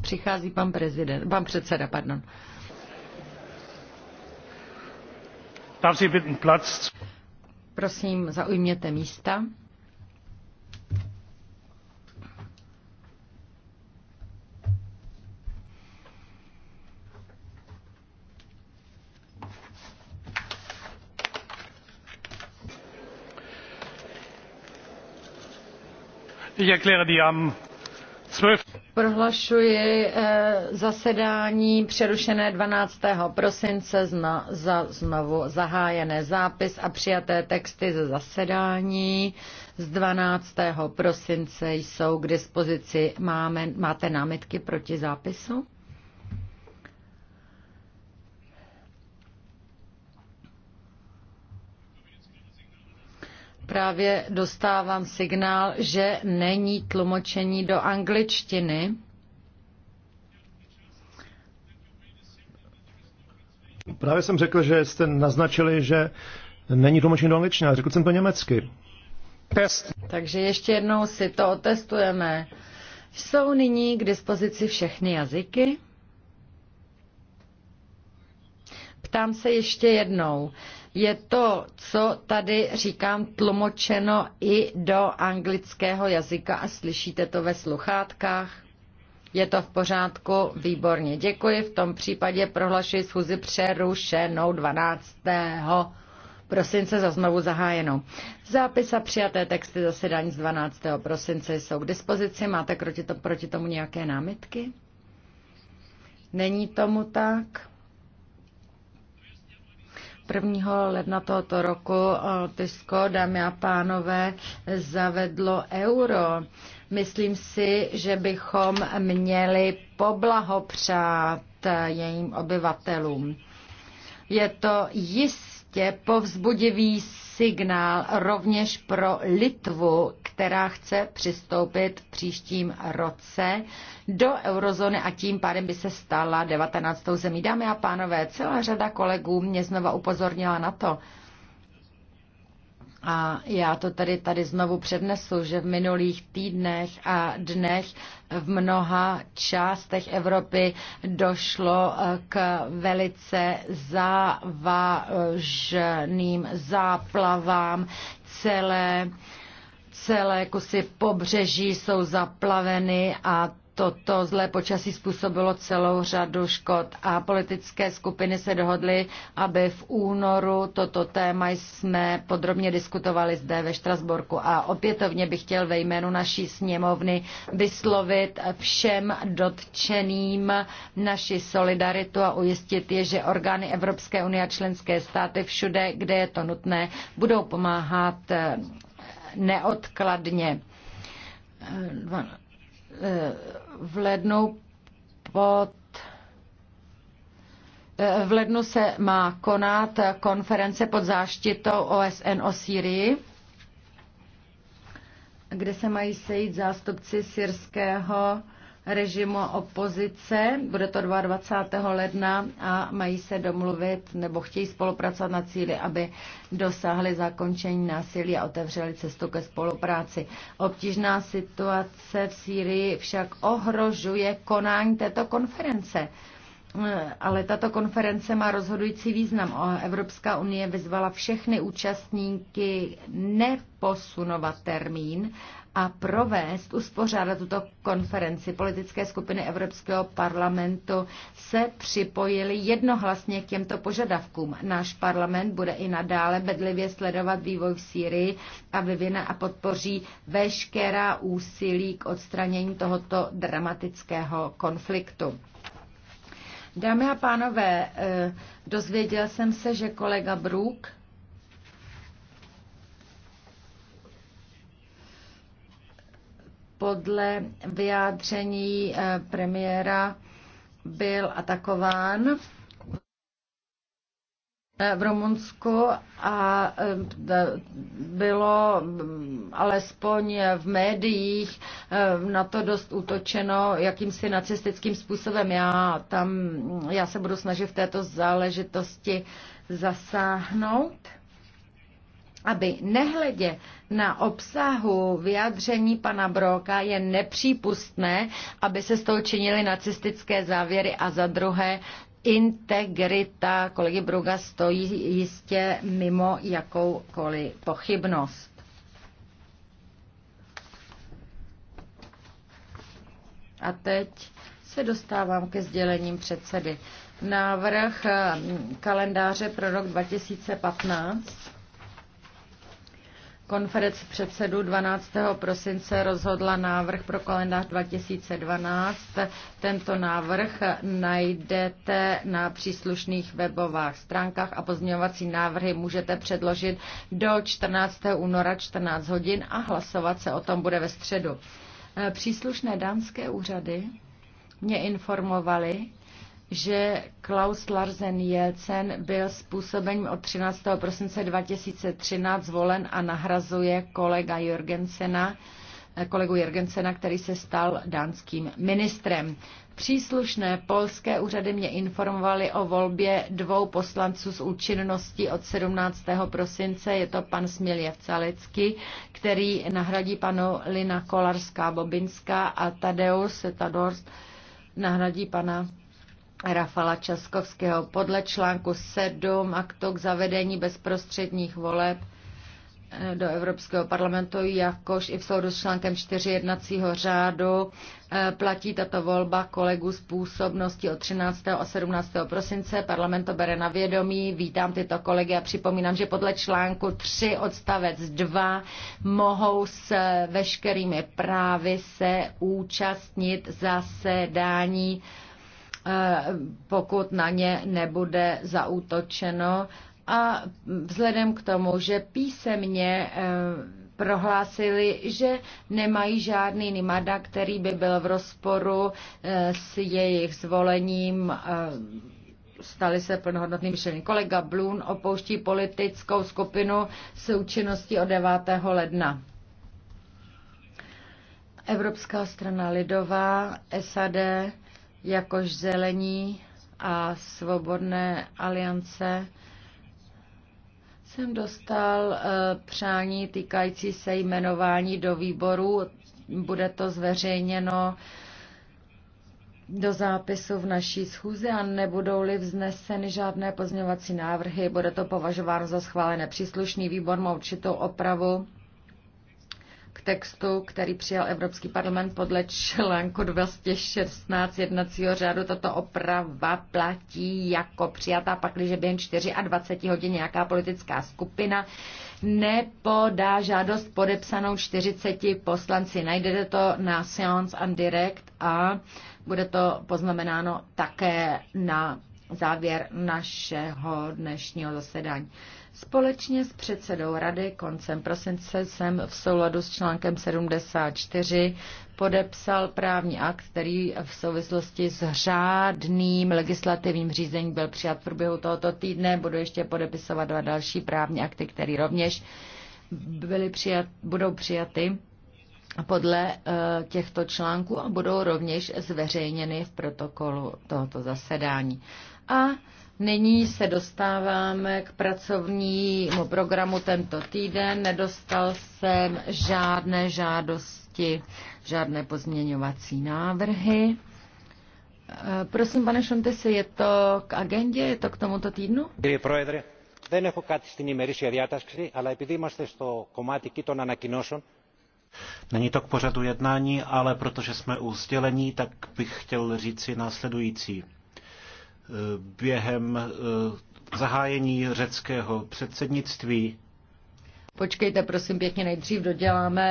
Přichází pan, prezident, pan předseda. Pardon. Darf Sie bitten Platz? Prosím, zaujměte místa. Ich erkläre die am. Prohlašuji eh, zasedání přerušené 12. prosince zna, za znovu zahájené zápis a přijaté texty ze zasedání z 12. prosince jsou k dispozici. Máme, máte námitky proti zápisu? právě dostávám signál, že není tlumočení do angličtiny. Právě jsem řekl, že jste naznačili, že není tlumočení do angličtiny, ale řekl jsem to německy. Test. Takže ještě jednou si to otestujeme. Jsou nyní k dispozici všechny jazyky? zeptám se ještě jednou. Je to, co tady říkám, tlumočeno i do anglického jazyka a slyšíte to ve sluchátkách? Je to v pořádku? Výborně. Děkuji. V tom případě prohlašuji schůzi přerušenou 12 prosince za znovu zahájenou. Zápis a přijaté texty zasedání z 12. prosince jsou k dispozici. Máte proti, to, proti tomu nějaké námitky? Není tomu tak? 1. ledna tohoto roku eh, Tysko, dámy a pánové, zavedlo euro. Myslím si, že bychom měli poblahopřát eh, jejím obyvatelům. Je to jistě povzbudivý signál rovněž pro Litvu, která chce přistoupit v příštím roce do eurozóny a tím pádem by se stala 19. zemí. Dámy a pánové, celá řada kolegů mě znova upozornila na to, a já to tady, tady znovu přednesu, že v minulých týdnech a dnech v mnoha částech Evropy došlo eh, k velice závažným záplavám celé Celé kusy pobřeží jsou zaplaveny a toto zlé počasí způsobilo celou řadu škod a politické skupiny se dohodly, aby v únoru toto téma jsme podrobně diskutovali zde ve Štrasborku a opětovně bych chtěl ve jménu naší sněmovny vyslovit všem dotčeným naši solidaritu a ujistit je, že orgány Evropské unie a členské státy všude, kde je to nutné, budou pomáhat neodkladně. V lednu pod v lednu se má konat konference pod záštitou OSN o Sýrii, kde se mají sejít zástupci syrského režimu opozice, bude to 22. ledna a mají se domluvit nebo chtějí spolupracovat na cíli, aby dosáhli zakončení násilí a otevřeli cestu ke spolupráci. Obtížná situace v Sýrii však ohrožuje konání této konference ale tato konference má rozhodující význam. Evropská unie vyzvala všechny účastníky neposunovat termín a provést, uspořádat tuto konferenci. Politické skupiny Evropského parlamentu se připojily jednohlasně k těmto požadavkům. Náš parlament bude i nadále bedlivě sledovat vývoj v Sýrii a vyvine a podpoří veškerá úsilí k odstranění tohoto dramatického konfliktu. Dámy a pánové, eh, dozvěděl jsem se, že kolega Brook podle vyjádření eh, premiéra byl atakován. Eh, v Rumunsku a eh, bylo mm, alespoň v médiích eh, na to dost útočeno jakýmsi nacistickým způsobem. Já, tam, já se budu snažit v této záležitosti zasáhnout aby nehledě na obsahu vyjádření pana Broka je nepřípustné, aby se z toho činily nacistické závěry a za druhé integrita kolegy Bruga stojí jistě mimo jakoukoliv pochybnost. A teď se dostávám ke sdělením předsedy. Návrh mm, kalendáře pro rok 2015. Konference předsedů 12. prosince rozhodla návrh pro kalendář 2012. Tento návrh najdete na příslušných webových stránkách a pozměňovací návrhy můžete předložit do 14. února 14 hodin a hlasovat se o tom bude ve středu. Příslušné dánské úřady mě informovali, že Klaus Larsen Jelcen byl způsobením od 13. prosince 2013 zvolen a nahrazuje kolega Jorgensena, kolegu Jorgensena, který se stal dánským ministrem. Příslušné polské úřady mě informovaly o volbě dvou poslanců s účinností od 17. prosince. Je to pan Smiljev Calicky, který nahradí panu Lina Kolarská-Bobinská a Tadeusz Tadors nahradí pana Rafala Časkovského. Podle článku 7 to k zavedení bezprostředních voleb eh, do Evropského parlamentu, jakož i v soudu s článkem 4 jednacího řádu eh, platí tato volba kolegů z působnosti od 13. a 17. prosince. Parlament to bere na vědomí. Vítám tyto kolegy a připomínám, že podle článku 3 odstavec 2 mohou s veškerými právy se účastnit zasedání Eh, pokud na ně nebude zaútočeno a vzhledem k tomu, že písemně eh, prohlásili, že nemají žádný nimada, který by byl v rozporu eh, s jejich zvolením stali se plnohodnotným členy. Kolega Blun opouští politickou skupinu s účinností od 9. ledna. Evropská strana lidová, SAD, jakož zelení a svobodné aliance jsem dostal eh, přání týkající se jmenování do výboru. Bude to zveřejněno do zápisu v naší schůzi a nebudou-li vzneseny žádné pozměňovací návrhy, bude to považováno za schválené. Příslušný výbor má určitou opravu k textu, který přijal Evropský parlament podle článku 216 jednacího řádu. Tato oprava platí jako přijatá že během 24 hodin nějaká politická skupina nepodá žádost podepsanou 40 poslanci. Najdete to na Science and Direct a bude to poznamenáno také na závěr našeho dnešního zasedání. Společně s předsedou rady koncem prosince jsem v souladu s článkem 74 podepsal právní akt, který v souvislosti s řádným legislativním řízením byl přijat v průběhu tohoto týdne. Budu ještě podepisovat dva další právní akty, které rovněž byly přijat, budou přijaty podle eh, těchto článků a budou rovněž zveřejněny v protokolu tohoto zasedání. A nyní se dostáváme k pracovnímu programu tento týden. Nedostal jsem žádné žádosti, žádné pozměňovací návrhy. Eh, prosím, pane Šontese, je to k agendě, je to k tomuto týdnu? Δεν έχω κάτι στην ημερήσια διάταξη, αλλά επειδή είμαστε στο κομμάτι εκεί των ανακοινώσεων, Není to k pořadu jednání, ale protože jsme u sdělení, tak bych chtěl říci následující během eh, zahájení řeckého předsednictví. Počkejte, prosím, pěkně nejdřív doděláme